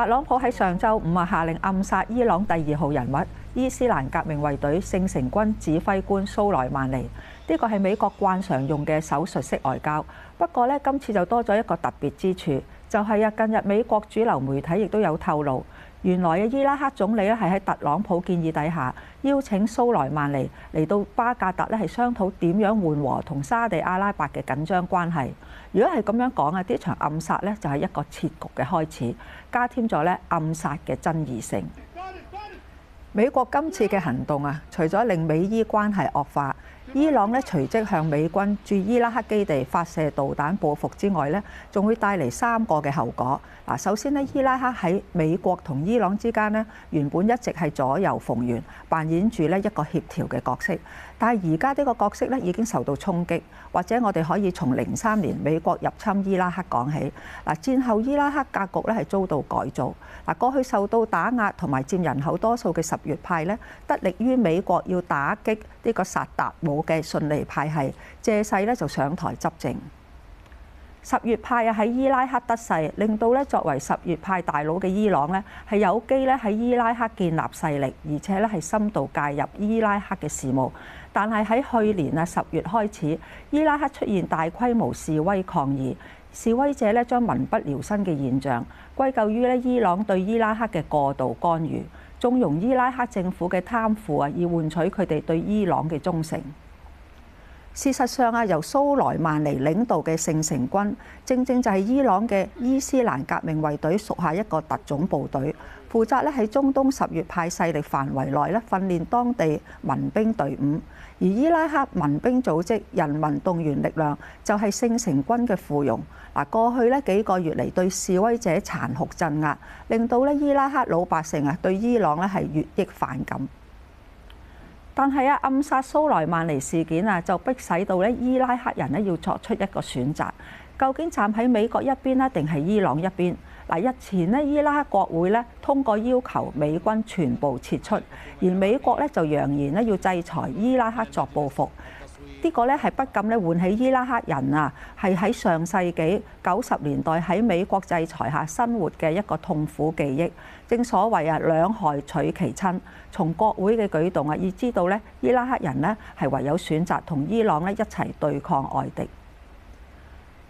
特朗普喺上週五啊下令暗殺伊朗第二號人物伊斯蘭革命衛隊聖城軍指揮官蘇萊曼尼，呢個係美國慣常用嘅手術式外交，不過呢，今次就多咗一個特別之處。就係啊！近日美國主流媒體亦都有透露，原來嘅伊拉克總理咧係喺特朗普建議底下邀請蘇萊曼尼嚟到巴格達咧，係商討點樣緩和同沙地阿拉伯嘅緊張關係。如果係咁樣講啊，呢場暗殺呢就係一個設局嘅開始，加添咗咧暗殺嘅爭議性。美國今次嘅行動啊，除咗令美伊關係惡化，伊朗咧隨即向美軍駐伊拉克基地發射導彈報復之外咧，仲會帶嚟三個嘅後果。嗱，首先咧，伊拉克喺美國同伊朗之間咧，原本一直係左右逢源，扮演住咧一個協調嘅角色。但係而家呢個角色咧已經受到衝擊，或者我哋可以從零三年美國入侵伊拉克講起。嗱，戰後伊拉克格局咧係遭到改造。嗱，過去受到打壓同埋佔人口多數嘅什葉派咧，得力於美國要打擊呢個薩達姆。嘅遜尼派係借勢咧就上台執政。什葉派啊喺伊拉克得勢，令到咧作為什葉派大佬嘅伊朗咧係有機咧喺伊拉克建立勢力，而且咧係深度介入伊拉克嘅事務。但係喺去年啊十月開始，伊拉克出現大規模示威抗議，示威者咧將民不聊生嘅現象歸咎於咧伊朗對伊拉克嘅過度干預，縱容伊拉克政府嘅貪腐啊，以換取佢哋對伊朗嘅忠誠。事實上啊，由蘇萊曼尼領導嘅聖城軍，正正就係伊朗嘅伊斯蘭革命衛隊屬下一個特種部隊，負責咧喺中東什葉派勢力範圍內咧訓練當地民兵隊伍。而伊拉克民兵組織人民動員力量就係聖城軍嘅附庸。嗱，過去咧幾個月嚟對示威者殘酷鎮壓，令到咧伊拉克老百姓啊對伊朗咧係越益反感。但係啊，暗殺蘇萊曼尼事件啊，就迫使到咧伊拉克人咧要作出一個選擇，究竟站喺美國一邊啦，定係伊朗一邊？嗱，日前咧伊拉克國會咧通過要求美軍全部撤出，而美國咧就揚言咧要制裁伊拉克作報復。呢個咧係不禁咧喚起伊拉克人啊，係喺上世紀九十年代喺美國制裁下生活嘅一個痛苦記憶。正所謂啊，兩害取其親。從國會嘅舉動啊，已知道咧，伊拉克人呢，係唯有選擇同伊朗咧一齊對抗外敵。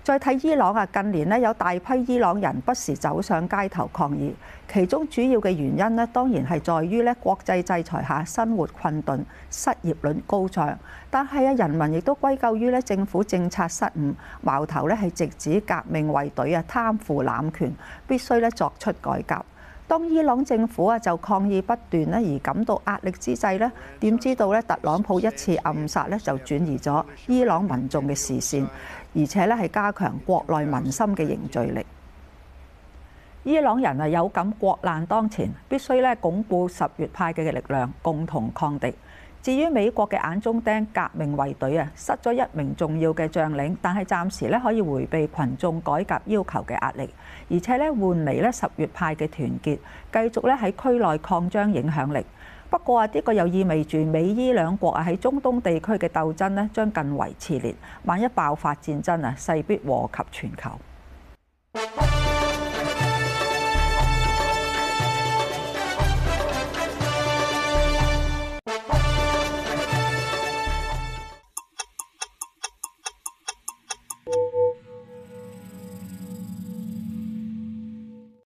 再睇伊朗啊，近年咧有大批伊朗人不時走上街頭抗議，其中主要嘅原因咧，當然係在於咧國際制裁下生活困頓、失業率高漲，但係啊人民亦都歸咎於咧政府政策失誤，矛頭咧係直指革命衛隊啊貪腐濫權，必須咧作出改革。當伊朗政府啊就抗議不斷咧而感到壓力之際咧，點知道咧特朗普一次暗殺咧就轉移咗伊朗民眾嘅視線，而且咧係加強國內民心嘅凝聚力。伊朗人啊有感國難當前，必須咧鞏固什葉派嘅力量，共同抗敵。至於美國嘅眼中釘革命衛隊啊，失咗一名重要嘅將領，但係暫時咧可以迴避群眾改革要求嘅壓力，而且咧換嚟咧十月派嘅團結，繼續咧喺區內擴張影響力。不過啊，呢、呢個又意味住美伊兩國啊喺中東地區嘅鬥爭咧將更為熾烈，萬一爆發戰爭啊，勢必禍及全球。